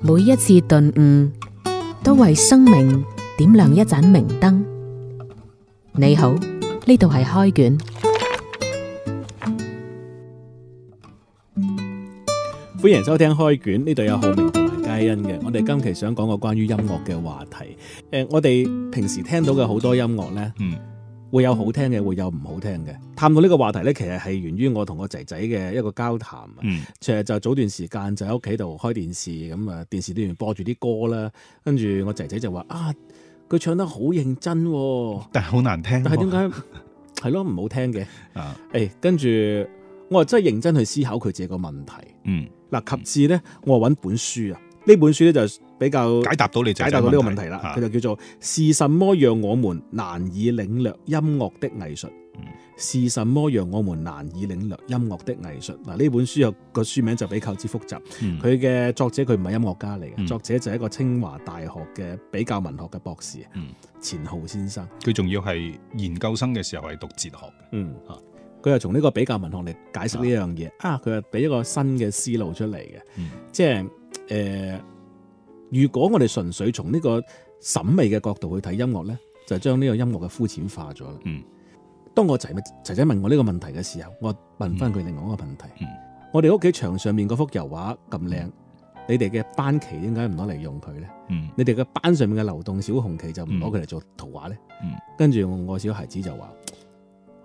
每一次頓悟，都為生命點亮一盞明燈。你好，呢度係開卷，歡迎收聽開卷。呢度有浩明同埋佳欣嘅。我哋今期想講個關於音樂嘅話題。誒、呃，我哋平時聽到嘅好多音樂呢。嗯。會有好聽嘅，會有唔好聽嘅。探討呢個話題咧，其實係源於我同我仔仔嘅一個交談。嗯，其實就早段時間就喺屋企度開電視，咁啊電視都播住啲歌啦，跟住我仔仔就話啊，佢唱得好認真，但係好難聽。但係點解？係咯， 唔好聽嘅。啊，誒、欸，跟住我啊真係認真去思考佢自己個問題。嗯，嗱、啊，及至咧，我啊搵本書啊，呢本書咧就是。比較解答到你解，解答到呢個問題啦。佢就叫做、啊、是什麼讓我們難以領略音樂的藝術？是、嗯、什麼讓我們難以領略音樂的藝術？嗱，呢本書又個書名就比較之複雜。佢嘅、嗯、作者佢唔係音樂家嚟嘅，作者就係一個清華大學嘅比較文學嘅博士，嗯、錢浩先生。佢仲要係研究生嘅時候係讀哲學嘅。嗯，佢又從呢個比較文學嚟解釋呢樣嘢啊，佢係俾一個新嘅思路出嚟嘅，即係誒。如果我哋純粹從呢個審美嘅角度去睇音樂咧，就將呢個音樂嘅膚淺化咗。嗯，當我仔仔問我呢個問題嘅時候，我問翻佢另外一個問題。嗯，我哋屋企牆上面嗰幅油畫咁靚，嗯、你哋嘅班旗點解唔攞嚟用佢咧？嗯，你哋嘅班上面嘅流動小紅旗就唔攞佢嚟做圖畫咧？嗯，跟住我小孩子就話。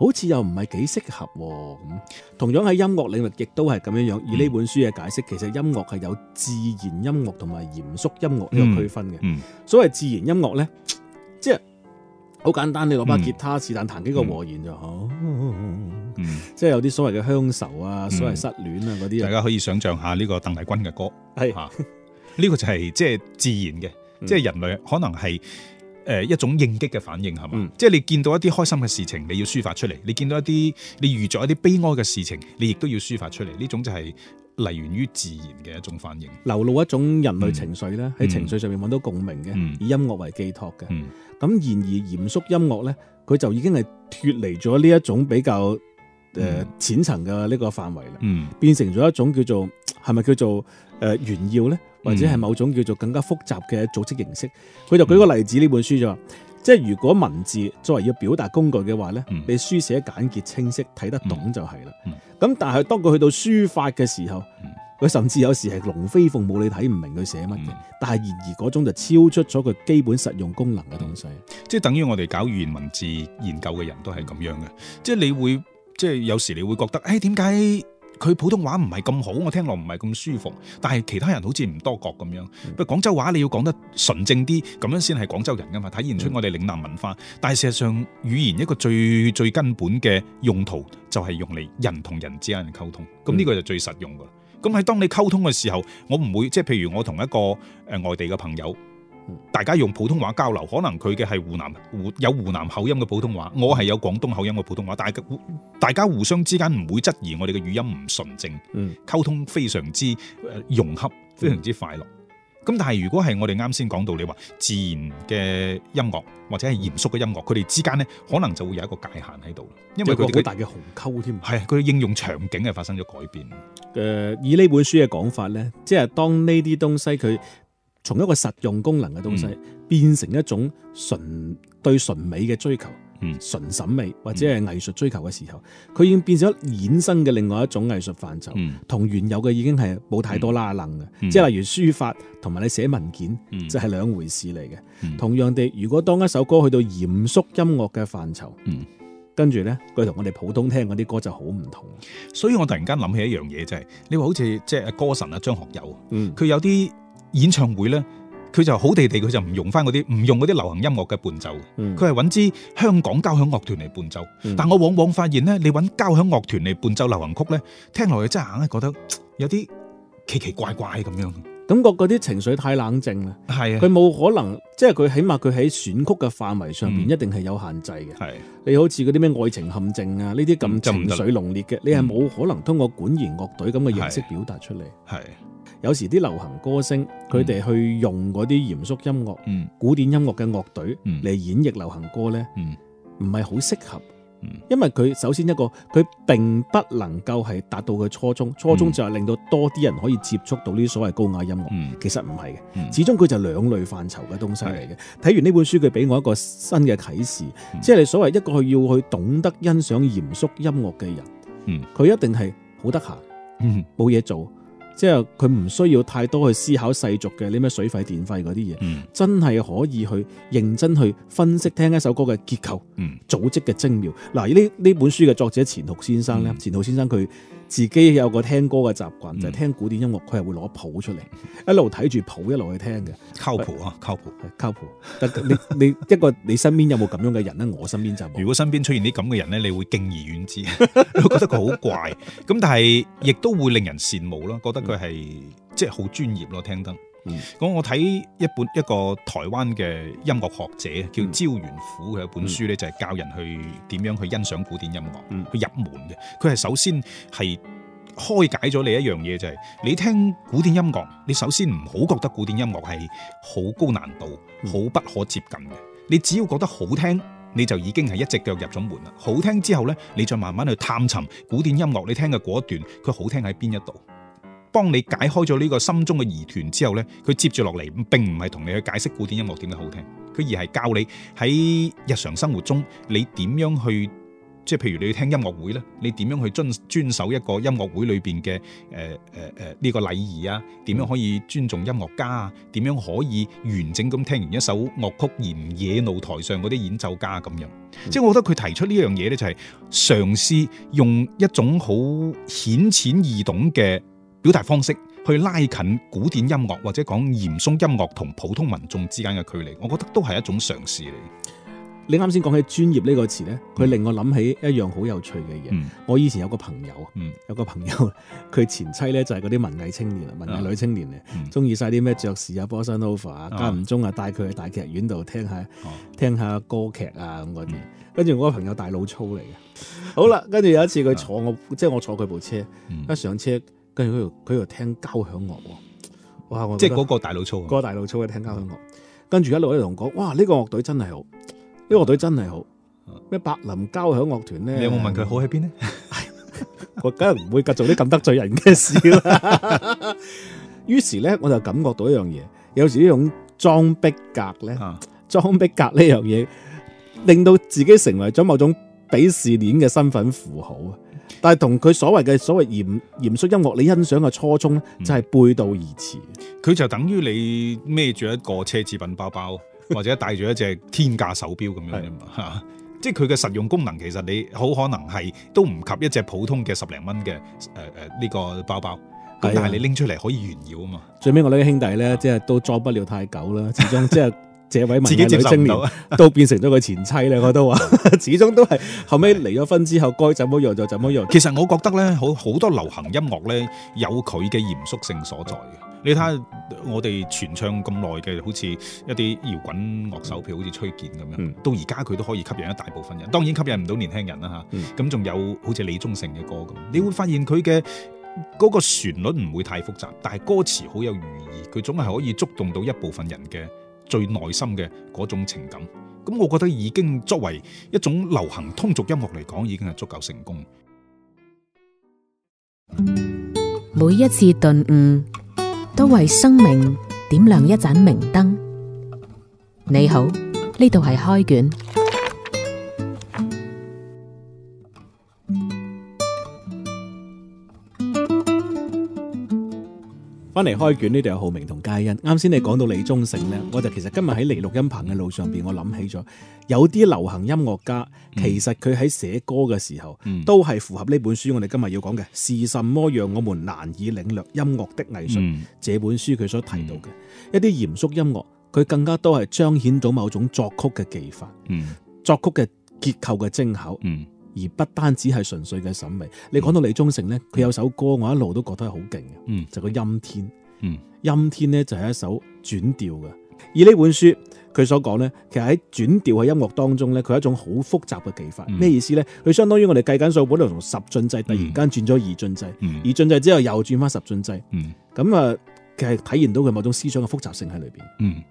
好似又唔係幾適合咁，同樣喺音樂領域亦都係咁樣樣。以呢本書嘅解釋，其實音樂係有自然音樂同埋嚴肅音樂呢個區分嘅。嗯嗯、所謂自然音樂咧，即係好簡單，你攞把吉他，是但彈幾個和弦，嗯、就好。即係有啲所謂嘅鄉愁啊，所謂失戀啊嗰啲，嗯、些大家可以想象下呢個鄧麗君嘅歌。係的，呢 個就係即係自然嘅，即、就、係、是、人類可能係。誒一種應激嘅反應係嘛？即係你見到一啲開心嘅事情，你要抒發出嚟；你見到一啲你遇著一啲悲哀嘅事情，你亦都要抒發出嚟。呢種就係嚟源於自然嘅一種反應，流露一種人類情緒咧，喺情緒上面搵到共鳴嘅，以音樂為寄託嘅。咁然而嚴肅音樂咧，佢就已經係脫離咗呢一種比較誒淺層嘅呢個範圍啦，變成咗一種叫做係咪叫做誒炫耀咧？或者係某種叫做更加複雜嘅組織形式，佢就舉個例子呢、嗯、本書就話，即係如果文字作為要表達工具嘅話咧，你、嗯、書寫簡潔清晰睇得懂就係啦。咁、嗯嗯、但係當佢去到書法嘅時候，佢、嗯、甚至有時係龍飛鳳舞，你睇唔明佢寫乜嘅。嗯、但係然而嗰種就超出咗佢基本實用功能嘅東西。嗯、即係等於我哋搞語言文字研究嘅人都係咁樣嘅，即係你會即係有時你會覺得，誒點解？佢普通話唔係咁好，我聽落唔係咁舒服。但係其他人好似唔多覺咁樣。不過、嗯、廣州話你要講得純正啲，咁樣先係廣州人噶嘛，體現出我哋嶺南文化。嗯、但係事實上語言一個最最根本嘅用途就係用嚟人同人之間嘅溝通。咁呢個就最實用㗎喇。咁喺、嗯、當你溝通嘅時候，我唔會即係譬如我同一個誒、呃、外地嘅朋友。大家用普通話交流，可能佢嘅係湖南，有湖南口音嘅普通話，我係有廣東口音嘅普通話，但係大家互相之間唔會質疑我哋嘅語音唔純正，溝通非常之融洽，非常之快樂。咁但係如果係我哋啱先講到你話自然嘅音樂或者係嚴肅嘅音樂，佢哋之間呢可能就會有一個界限喺度，因為有好大嘅鴻溝添。係佢應用場景係發生咗改變。誒、呃，以呢本書嘅講法呢，即係當呢啲東西佢。從一個實用功能嘅東西變成一種純對純美嘅追求，純審美或者係藝術追求嘅時候，佢已經變咗衍生嘅另外一種藝術範疇，同原有嘅已經係冇太多拉楞嘅。即係例如書法同埋你寫文件，即係兩回事嚟嘅。同樣地，如果當一首歌去到嚴肅音樂嘅範疇，跟住呢，佢同我哋普通聽嗰啲歌就好唔同。所以我突然間諗起一樣嘢，就係你話好似即係歌神啊張學友，佢有啲。演唱會咧，佢就好地地，佢就唔用返嗰啲，唔用嗰啲流行音樂嘅伴奏，佢係揾支香港交響樂團嚟伴奏。嗯、但我往往發現咧，你揾交響樂團嚟伴奏流行曲咧，聽落去真係硬係覺得有啲奇奇怪怪咁樣，感覺嗰啲情緒太冷靜啦。係啊、嗯，佢冇、嗯、可能，即係佢起碼佢喺選曲嘅範圍上面一定係有限制嘅。係、嗯，你好似嗰啲咩愛情陷阱啊呢啲咁情緒濃烈嘅，你係冇可能通過管弦樂隊咁嘅形式、嗯嗯嗯嗯嗯嗯、表達出嚟。係。有時啲流行歌星，佢哋去用嗰啲嚴肅音樂、古典音樂嘅樂隊嚟演繹流行歌呢，唔係好適合，因為佢首先一個佢並不能夠係達到佢初衷，初衷就係令到多啲人可以接觸到呢啲所謂高雅音樂，其實唔係嘅，始終佢就兩類範疇嘅東西嚟嘅。睇完呢本書，佢俾我一個新嘅啟示，即係你所謂一個要去懂得欣賞嚴肅音樂嘅人，佢一定係好得閒，冇嘢做。即係佢唔需要太多去思考世俗嘅啲咩水費電費嗰啲嘢，嗯、真係可以去認真去分析聽一首歌嘅結構、嗯、組織嘅精妙。嗱，呢呢本書嘅作者錢學先生咧，嗯、錢學先生佢。自己有個聽歌嘅習慣，就係、是、聽古典音樂，佢係會攞譜出嚟，一路睇住譜一路去聽嘅，靠譜啊，靠譜，係靠譜婆。靠婆但係你你一個你身邊有冇咁樣嘅人咧？我身邊就冇。如果身邊出現啲咁嘅人咧，你會敬而遠之， 覺得佢好怪。咁但係亦都會令人羨慕咯，覺得佢係、嗯、即係好專業咯，聽得。咁、嗯、我睇一本一個台灣嘅音樂學者叫焦元虎嘅一、嗯、本書咧，就係教人去點樣去欣賞古典音樂，佢、嗯、入門嘅。佢係首先係開解咗你一樣嘢，就係、是、你聽古典音樂，你首先唔好覺得古典音樂係好高難度、好不可接近嘅。你只要覺得好聽，你就已經係一隻腳入咗門啦。好聽之後咧，你再慢慢去探尋古典音樂，你聽嘅嗰一段，佢好聽喺邊一度。幫你解開咗呢個心中嘅疑團之後呢，佢接住落嚟並唔係同你去解釋古典音樂點解好聽，佢而係教你喺日常生活中你點樣去即係，譬如你去聽音樂會呢，你點樣去遵遵守一個音樂會裏邊嘅誒誒誒呢個禮儀啊？點樣可以尊重音樂家啊？點樣可以完整咁聽完一首樂曲而唔惹怒台上嗰啲演奏家咁樣？嗯、即係我覺得佢提出呢一樣嘢呢，就係嘗試用一種好顯淺易懂嘅。表達方式去拉近古典音樂或者講嚴肅音樂同普通民眾之間嘅距離，我覺得都係一種嘗試嚟。你啱先講起專業呢個詞咧，佢令我諗起一樣好有趣嘅嘢。嗯、我以前有個朋友，嗯、有個朋友佢前妻咧就係嗰啲文藝青年啊，文藝女青年嚟，中意晒啲咩爵士啊、Bossa Nova 啊，間唔中啊帶佢去大劇院度聽下，啊、聽下歌劇啊咁嗰啲。嗯、跟住我個朋友大老粗嚟嘅，嗯、好啦，跟住有一次佢坐我，即係我坐佢部車，嗯、一上車。跟住佢又佢又聽交響樂喎，哇！即係嗰個大老粗，嗰個大老粗一聽交響樂，跟住、嗯、一路喺度講，哇！呢、這個樂隊真係好，呢、這個樂隊真係好，咩、嗯、柏林交響樂團咧？你有冇問佢好喺邊呢？我梗係唔會繼續啲咁得罪人嘅事啦。于 是咧，我就感覺到一樣嘢，有時呢種裝逼格咧，裝逼格呢樣嘢、嗯，令到自己成為咗某種鄙視鏈嘅身份符號啊。但係同佢所謂嘅所謂嚴嚴肅音樂，你欣賞嘅初衷咧，真係、嗯、背道而馳。佢就等於你孭住一個奢侈品包包， 或者帶住一隻天價手錶咁樣啫嘛嚇。即係佢嘅實用功能，其實你好可能係都唔及一隻普通嘅十零蚊嘅誒誒呢個包包。咁但係你拎出嚟可以炫耀啊嘛。是的 最尾我呢啲兄弟咧，嗯嗯、即係都裝不了太久啦，始終即係。 這位文藝女青年都變成咗佢前妻咧，我都話 始終都係後尾離咗婚之後該是的 怎麼樣就怎麼樣。其實我覺得咧，好好多流行音樂咧有佢嘅嚴肅性所在嘅。你睇下我哋傳唱咁耐嘅，好似一啲搖滾樂手譬如、嗯、好似崔健咁樣，嗯、到而家佢都可以吸引一大部分人。當然吸引唔到年輕人啦嚇。咁仲、嗯嗯、有好似李宗盛嘅歌咁，你會發現佢嘅嗰個旋律唔會太複雜，但係歌詞好有寓意，佢總係可以觸動到一部分人嘅。最內心嘅嗰種情感，咁我覺得已經作為一種流行通俗音樂嚟講，已經係足夠成功。每一次頓悟，都為生命點亮一盞明燈。你好，呢度係開卷。翻嚟開卷呢度有浩明同佳欣，啱先你講到李宗盛呢，我就其實今日喺嚟錄音棚嘅路上邊，我諗起咗有啲流行音樂家，其實佢喺寫歌嘅時候，嗯、都係符合呢本書我哋今日要講嘅、嗯，是什麼讓我們難以領略音樂的藝術？嗯、這本書佢所提到嘅、嗯、一啲嚴肅音樂，佢更加多係彰顯到某種作曲嘅技法，嗯、作曲嘅結構嘅精巧。嗯嗯而不單止係純粹嘅審美，你講到李宗盛咧，佢、嗯、有首歌我一路都覺得係好勁嘅，嗯，就、個陰天，嗯，陰天咧就係一首轉調嘅，而呢本書佢所講咧，其實喺轉調嘅音樂當中咧，佢係一種好複雜嘅技法，咩、嗯、意思咧？佢相當於我哋計緊數，本來同十進制突然間轉咗二進制，嗯嗯、二進制之後又轉翻十進制，咁啊，其實體現到佢某種思想嘅複雜性喺裏邊。嗯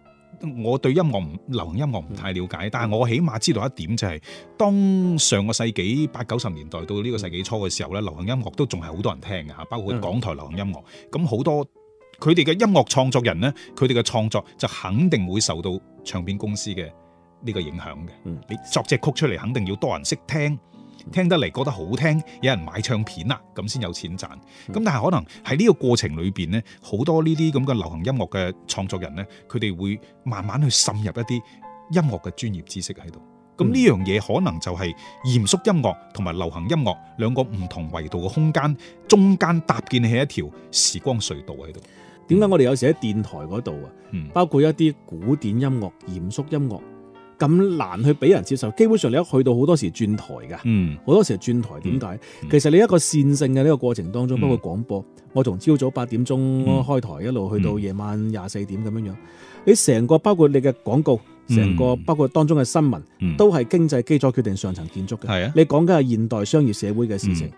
我對音樂唔，流行音樂唔太了解，但係我起碼知道一點就係、是，當上個世紀八九十年代到呢個世紀初嘅時候咧，流行音樂都仲係好多人聽嘅嚇，包括港台流行音樂。咁好多佢哋嘅音樂創作人咧，佢哋嘅創作就肯定會受到唱片公司嘅呢個影響嘅。你作隻曲出嚟，肯定要多人識聽。聽得嚟覺得好聽，有人買唱片啦，咁先有錢賺。咁但係可能喺呢個過程裏邊呢，好多呢啲咁嘅流行音樂嘅創作人呢，佢哋會慢慢去滲入一啲音樂嘅專業知識喺度。咁呢樣嘢可能就係嚴肅音樂同埋流行音樂兩個唔同維度嘅空間，中間搭建起一條時光隧道喺度。點解我哋有時喺電台嗰度啊？嗯，包括一啲古典音樂、嚴肅音樂。咁難去俾人接受，基本上你一去到好多時轉台㗎，好、嗯、多時轉台點解？其實你一個線性嘅呢個過程當中，嗯、包括廣播，我從朝早八點鐘開台、嗯、一路去到夜晚廿四點咁樣樣，你成個包括你嘅廣告，成、嗯、個包括當中嘅新聞，嗯、都係經濟基礎決定上層建築嘅。嗯、你講緊係現代商業社會嘅事情，嗯、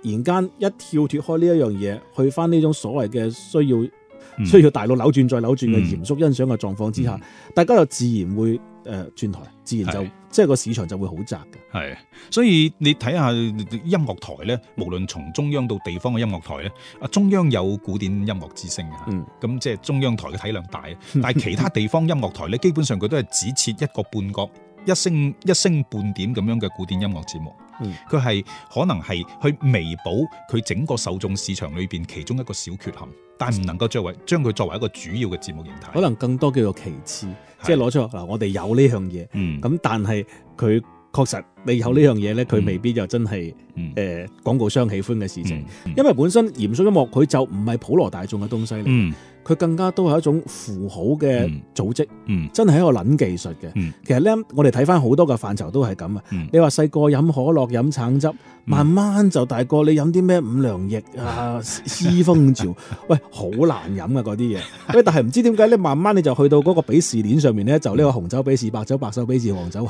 突然間一跳脱開呢一樣嘢，去返呢種所謂嘅需要。嗯、需要大陸扭轉再扭轉嘅嚴肅欣賞嘅狀況之下，嗯嗯、大家又自然會誒、呃、轉台，自然就是即係個市場就會好窄嘅。係，所以你睇下音樂台呢，無論從中央到地方嘅音樂台呢，啊，中央有古典音樂之聲嘅，咁、嗯、即係中央台嘅體量大，但係其他地方音樂台呢， 基本上佢都係只設一個半角一星一星半點咁樣嘅古典音樂節目。佢係、嗯、可能係去彌補佢整個受眾市場裏邊其中一個小缺陷，但唔能夠作為將佢作為一個主要嘅節目形態，可能更多叫做其次，是即係攞出嗱，我哋有呢樣嘢，咁、嗯、但係佢確實你有呢樣嘢咧，佢、嗯、未必就真係誒、嗯呃、廣告商喜歡嘅事情，嗯嗯、因為本身嚴肅音樂佢就唔係普羅大眾嘅東西嚟。嗯嗯佢更加都係一種符號嘅組織，嗯、真係一個撚技術嘅。嗯、其實咧，我哋睇翻好多嘅範疇都係咁啊。嗯、你話細個飲可樂、飲橙汁，慢慢就大個，你飲啲咩五糧液啊、私豐潮，喂，好難飲呀嗰啲嘢。喂，但係唔知點解咧，慢慢你就去到嗰個鄙視鏈上面咧，就呢個紅酒鄙視白酒，白酒鄙視黃酒，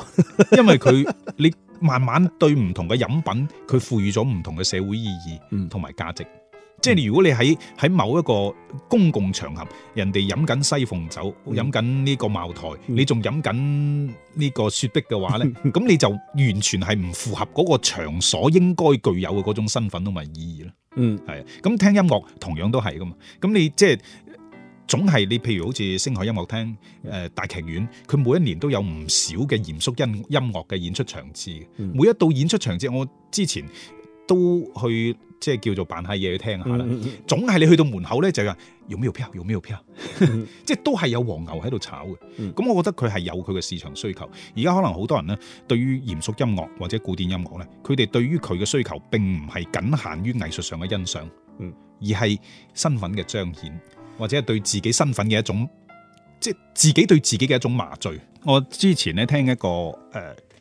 因為佢 你慢慢對唔同嘅飲品，佢賦予咗唔同嘅社會意義同埋價值。即係你，如果你喺喺某一個公共場合，人哋飲緊西鳳酒、飲緊呢個茅台，嗯、你仲飲緊呢個雪碧嘅話咧，咁、嗯、你就完全係唔符合嗰個場所應該具有嘅嗰種身份同埋意義咯。嗯，係啊。咁聽音樂同樣都係噶嘛。咁你即係、即係、總係你，譬如好似星海音樂廳、誒、呃、大劇院，佢每一年都有唔少嘅嚴肅音音樂嘅演出場次。嗯、每一度演出場次，我之前都去。即係叫做扮下嘢去聽下啦，嗯嗯嗯、總係你去到門口咧就話，又咩又有咩又即係都係有黃牛喺度炒嘅。咁、嗯、我覺得佢係有佢嘅市場需求。而家、嗯、可能好多人咧，對於嚴肅音樂或者古典音樂咧，佢哋對於佢嘅需求並唔係僅限於藝術上嘅欣賞，嗯、而係身份嘅彰顯，或者係對自己身份嘅一種，即係自己對自己嘅一種麻醉。我之前咧聽一個誒，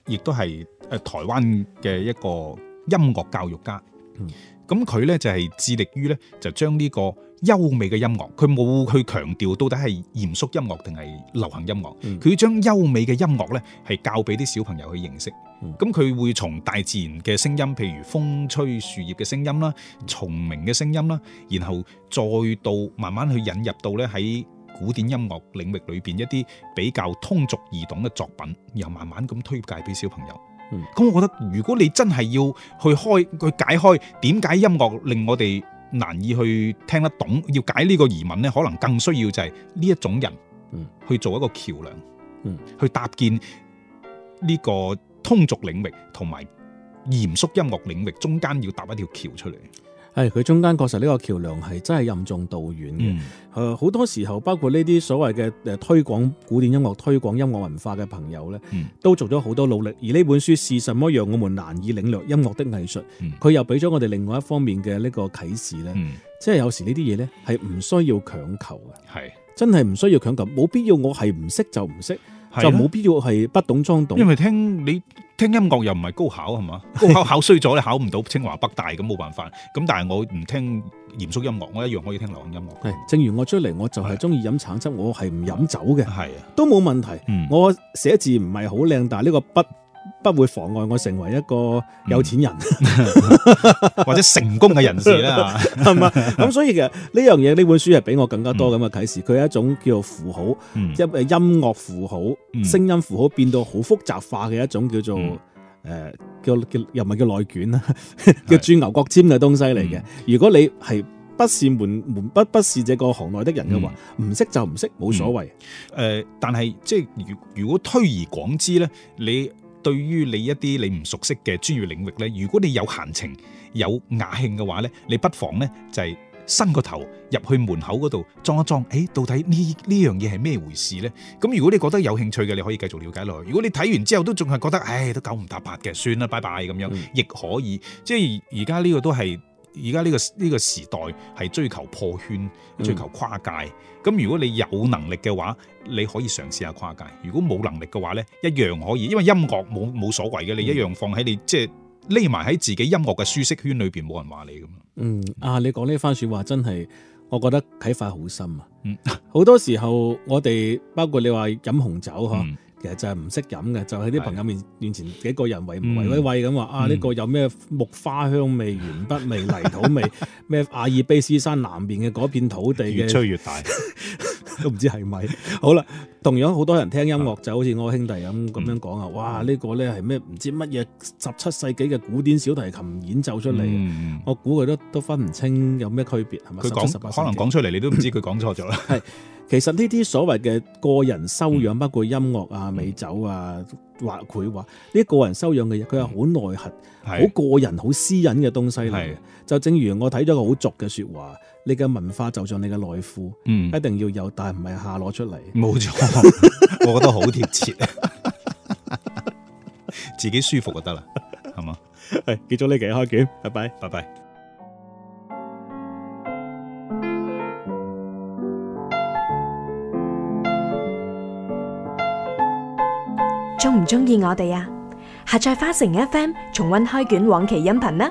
亦、呃、都係誒台灣嘅一個音樂教育家。嗯咁佢呢就係致力於呢，就將呢個優美嘅音樂，佢冇去強調到底係嚴肅音樂定係流行音樂。佢、嗯、要將優美嘅音樂呢，係教俾啲小朋友去認識。咁佢、嗯、會從大自然嘅聲音，譬如風吹樹葉嘅聲音啦、蟲鳴嘅聲音啦，然後再到慢慢去引入到呢，喺古典音樂領域裏邊一啲比較通俗易懂嘅作品，然後慢慢咁推介俾小朋友。咁，嗯、我覺得如果你真係要去開去解開點解音樂令我哋難以去聽得懂，要解呢個疑問呢，可能更需要就係呢一種人，嗯，去做一個橋梁，嗯，去搭建呢個通俗領域同埋嚴肅音樂領域中間要搭一條橋出嚟。係佢、哎、中間確實呢個橋梁係真係任重道遠嘅，誒好、嗯呃、多時候包括呢啲所謂嘅誒推廣古典音樂、推廣音樂文化嘅朋友呢，嗯、都做咗好多努力。而呢本書是什麼讓我們難以領略音樂的藝術？佢、嗯、又俾咗我哋另外一方面嘅呢個啟示呢。嗯、即係有時呢啲嘢呢係唔需要強求嘅，係、嗯、真係唔需要強求，冇必要我係唔識就唔識。就冇必要係不懂裝懂，因為聽你聽音樂又唔係高考係咪？高考考衰咗， 你考唔到清華北大咁冇辦法。咁但係我唔聽嚴肅音樂，我一樣可以聽流行音樂。正如我出嚟，我就係鍾意飲橙汁，我係唔飲酒嘅，的都冇問題。嗯，我寫字唔係好靚，但係呢個筆。不會妨礙我成為一個有錢人、嗯嗯、或者成功嘅人士啦，係 嘛？咁所以其實呢樣嘢呢本書係俾我更加多咁嘅啟示。佢係、嗯、一種叫做符號，一誒、嗯、音樂符號、聲音符號變到好複雜化嘅一種叫做誒、嗯 uh, 叫又叫又唔係叫內卷啦，叫鑽牛角尖嘅東西嚟嘅。的嗯、如果你係不是門門不不是這個行內的人嘅話，唔識、嗯、就唔識冇所謂。誒、嗯，但係即係如如果推而廣之咧，你。對於你一啲你唔熟悉嘅專業領域咧，如果你有閒情有雅興嘅話咧，你不妨呢就係、是、伸個頭入去門口嗰度裝一裝，誒到底呢呢樣嘢係咩回事呢？咁如果你覺得有興趣嘅，你可以繼續了解落去。如果你睇完之後都仲係覺得，唉，都九唔搭八嘅，算啦，拜拜咁樣、嗯、亦可以。即係而而家呢個都係。而家呢個呢個時代係追求破圈、追求跨界。咁、嗯、如果你有能力嘅話，你可以嘗試下跨界。如果冇能力嘅話呢一樣可以，因為音樂冇冇所謂嘅，嗯、你一樣放喺你即係匿埋喺自己音樂嘅舒適圈裏邊，冇人話你咁。嗯啊，你講呢番說話真係，我覺得啟發好深啊。嗯，好 多時候我哋包括你話飲紅酒嗬。嗯其實就係唔識飲嘅，就喺、是、啲朋友面面的前，幾個人圍圍圍咁話啊！呢、這個有咩木花香味、鉛筆味、泥土味咩？ 阿爾卑斯山南邊嘅嗰片土地越吹越大。 都唔知係咪？好啦，同樣好多人聽音樂，啊、就好似我兄弟咁咁樣講啊！嗯、哇，呢、呢個呢係咩？唔知乜嘢十七世紀嘅古典小提琴演奏出嚟，嗯、我估佢都都分唔清有咩區別係咪？佢講是是 17, 可能講出嚟，你都唔知佢講錯咗啦。係， 其實呢啲所謂嘅個人修養，嗯、包括音樂啊、美酒啊、畫繪畫呢個人修養嘅嘢，佢係好內核、好的個人、好私隱嘅東西嚟的就正如我睇咗個好俗嘅説話。你嘅文化就像你嘅內褲，嗯，一定要有，但係唔係下攞出嚟。冇錯錯， 我覺得好貼切， 自己舒服就 吧得啦，係嘛？係記咗呢期開卷，拜拜，拜拜。中唔中意我哋啊？下載花城 FM 重溫開卷往期音頻呢。